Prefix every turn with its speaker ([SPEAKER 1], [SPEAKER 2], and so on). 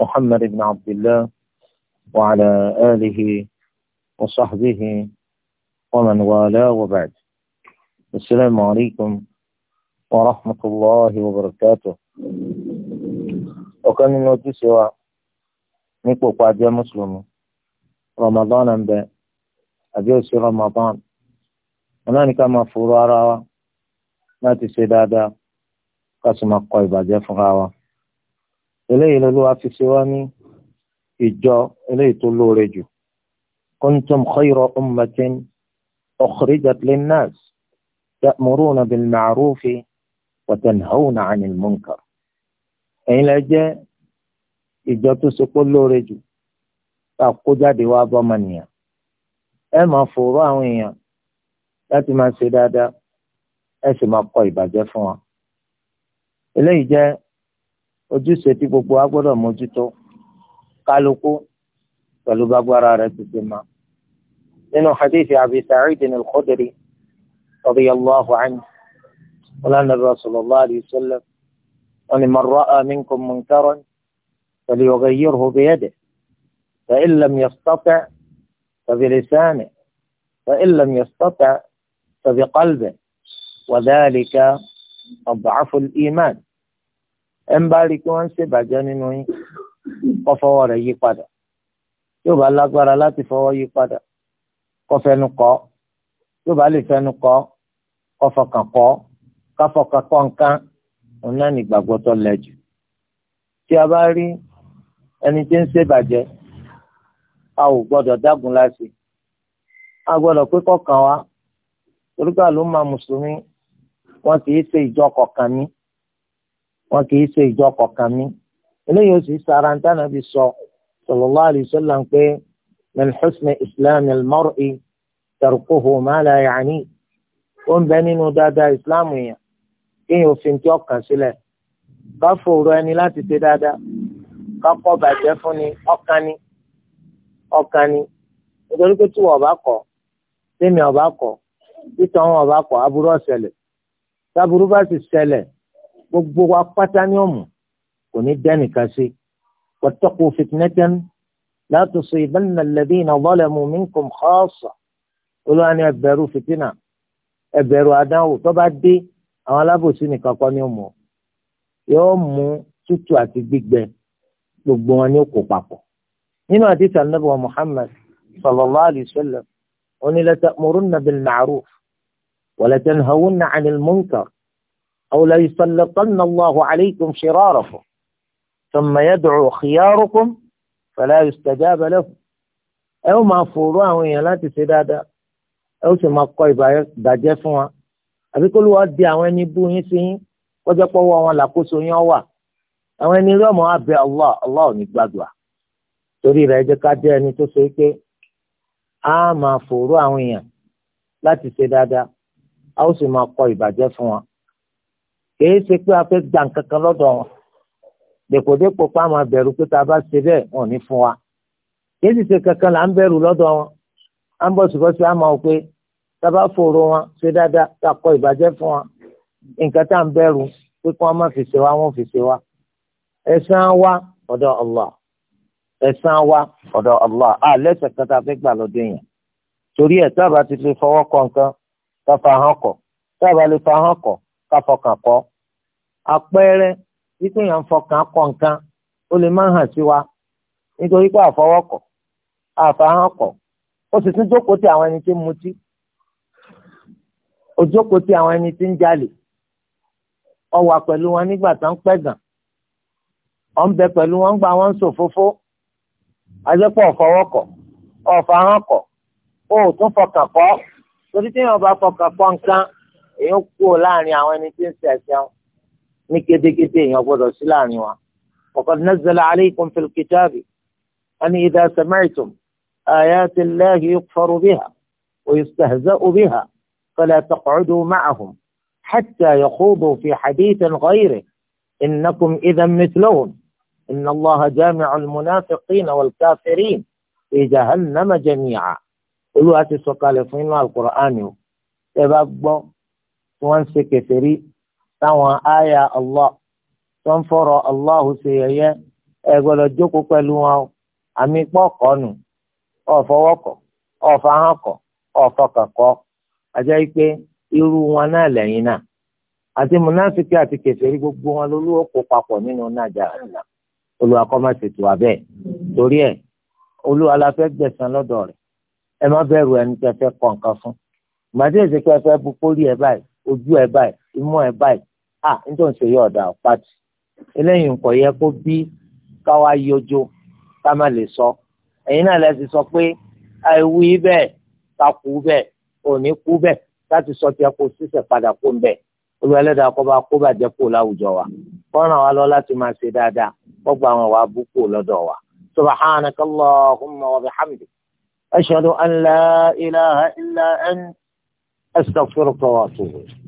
[SPEAKER 1] محمد بن عبد الله وعلى آله وصحبه ومن والاه وبعد السلام عليكم ورحمة الله وبركاته ọ̀kan nínú ojúṣe wa nípò pàjẹ́ mùsùlùmí ramadan ń bẹ àbí òsì ramadan ọ̀nà ní ká máa fòrò ara wa láti ṣe dáadáa ká sì máa kọ ìbàjẹ́ fúnra wa eléyìí lọ́lọ́wọ́ fi ṣe wá ní ìjọ eléyìí tó lóore jù kuntum khayra ummatin ukhrijat linnas ta'muruna bil ma'rufi wa tanhawna 'anil munkar ẹ̀yin lẹ jẹ́ ìjọ tó ṣe pé lóore jù àkójáde wa bọ́mọnìyàn ẹ máa fòrò àwọn èèyàn láti máa ṣe dáadáa ẹ sì máa kọ ìbàjẹ́ fún wa eléyìí jẹ́ ojúṣe tí gbogbo wa gbọ́dọ̀ mójútó kálukú pẹ̀lú gbàgbára rẹ̀ ti ṣe máa. nínú hadith abi sa'id al-khudri radiyallahu anhu wala nabi rọ alayhi wa sallam wani man ra'a minkum munkaran falyughayyirhu biyadihi fa'in lam yastati' فبلسانه فإن لم يستطع فبقلبه وذلك أضعف الإيمان ẹ ń bá rí i pé wọ́n ń ṣèbàjẹ́ nínú yín kó fọwọ́ rẹ̀ yí padà yóò bá lágbára láti fọwọ́ yí padà kó fẹnu kọ̀ yóò bá lè fẹnu kọ̀ kó fọkàn kọ̀ ká fọkàn kọ̀ nǹkan òun náà ní ìgbàgbọ́ tó lẹ jù tí a bá rí ẹni tí ń ṣèbàjẹ́ a ò gbọ́dọ̀ dágun láti a gbọ́dọ̀ pé kọkàn wa torí pé àlùmọ́ mùsùlùmí wọ́n ti ṣe ìjọ kọ̀ọ̀kan ní wọn kì í ṣe ìjọ kọ̀ọ̀kan mi eléyìí ó sì sara ń tànà bí sọ sallallahu alaihi wasallam pé min husni islam al-mar'i tarkuhu ma la ya'ni ó ń bẹ nínú dáadáa islam yẹn kéèyàn òfin tí ọkàn sílẹ̀ ká fòrò ẹni láti ṣe dáadáa ká kọ̀ bàjẹ́ fún ni ọkàn ni ọkàn ni nítorí pé tí wọn bá kọ̀ tèmi ọba kọ̀ títọ́ wọn ọba kọ̀ aburú ọ̀sẹ̀lẹ̀ táburú bá sì ṣẹlẹ̀ gbogbo wa pátá ní ọ̀mù kò ní dẹ́nìkan sí wattaqu fitnatan la tusibanna alladhina zalamu minkum khassa olúwa ni ẹbẹ̀rù fìtínà ẹbẹ̀rù àdánwò tó bá dé àwọn alábòsí nìkan kọ́ ní ọ̀mù yóò mú tútù àti gbígbẹ gbogbo wọn ní òkò papọ̀ nínú àdìsí ànábì wa Muhammad sallallahu alayhi wa sallam ó ní la ta'murunna أو ليسلطن الله عليكم شراركم ثم يدعو خياركم فلا يستجاب لكم ẹ ó máa fòrò àwọn èèyàn láti ṣe dáadáa ẹ ó sì máa kọ ìbàjẹ́ fún wa àbí kó ló wá di àwọn ẹni bú yín sí yín kọjá pọ́wọ́ àwọn làkóso yín wà àwọn ẹni rí ọmọ abẹ Allah Allah ò ní gbàdúrà torí rẹ̀ jẹ́ ká jẹ́ ẹni tó ṣe pé a máa fòrò àwọn èèyàn láti ṣe dáadáa a ó sì máa kọ ìbàjẹ́ fún wa kìí ṣe pé a fẹ́ gbà kankan lọ́dọ̀ wọn dèpòdépò pa àwọn abẹ̀rù pé tá a bá ṣe bẹ́ẹ̀ wọn ní fún wa sì ṣe kankan là ń bẹ̀rù lọ́dọ̀ wọn à ń bọ̀ síbọ̀sí àmọ́ pé tá a bá fòrò wọn wọn fi ṣe wa wọ́n wa wa Allah wa Allah a fẹ́ gbà lọ́dọ̀ torí ẹ̀ tá a bá ti fi fọwọ́ kọ nǹkan tá a fa ká fọkàn kọ́ àpẹẹrẹ wípé yàn fọkàn kọ nǹkan ó lè má hàn sí wa nítorí pé àfọwọ́kọ̀ àfahàn kọ̀ ó sì tún jókòó ti àwọn ẹni tí ń mutí ó jókòó ti àwọn ẹni tí ń jalè ó wà pẹ̀lú wọn nígbà tó ń pẹ̀gàn ó ń bẹ pẹ̀lú wọn gbà wọn ń ṣòfófó àjẹpọ̀ ọ̀fọwọ́kọ̀ ọ̀fahàn kọ̀ ó tún fọkàn kọ́ torí tí bá fọkàn kọ́ nǹkan. èèyàn kúrò láàrin àwọn ẹni tí ń ṣe ẹ̀ṣẹ̀ wọn ní kétékété èèyàn gbọ́dọ̀ sí láàrin wa. وقد نزل عليكم في الكتاب أن إذا سمعتم آيات الله يكفر بها ويستهزأ بها فلا تقعدوا معهم حتى يخوضوا في حديث غيره إنكم إذا مثلهم إن الله جامع المنافقين والكافرين في جهنم جميعا قلوا أتسوك على القرآن تبقوا wọn wọ́n ń ṣe aya táwọn àyà Allah tó ń fọ̀rọ̀ Allahu ṣe ẹ jókòó wọn o àmì pọ́ọ̀kọ́ nù àjẹ́ pé irú wọn náà lẹ́yìn náà àti mùnáfíkì àti kèfèrí gbogbo wọn lolúwo kó papọ̀ nínú nàjà torí ẹ̀ Olúwa la fẹ́ ẹ má bẹ̀rù ẹni tẹ́ fẹ́ ojú ẹ báyìí imú ẹ báyìí à nítorí ṣe yọ ọ̀dà pàtì eléyìí nǹkan yẹ kó bí káwá yọjọ ká má lè sọ ẹ̀yin náà lẹ sọ pé àìwí bẹ́ẹ̀ ká kú bẹ́ẹ̀ òní kú láti sọ tí a kò sísẹ̀ padà kó ń bẹ̀ olùwẹ̀lẹ́dà kọba kó bàjẹ́ kó láwùjọ wa wa lọ láti máa ṣe dáadáa gbogbo àwọn wa bú kó lọ́dọ̀ wa wa an أستغفرك وأتوب إليك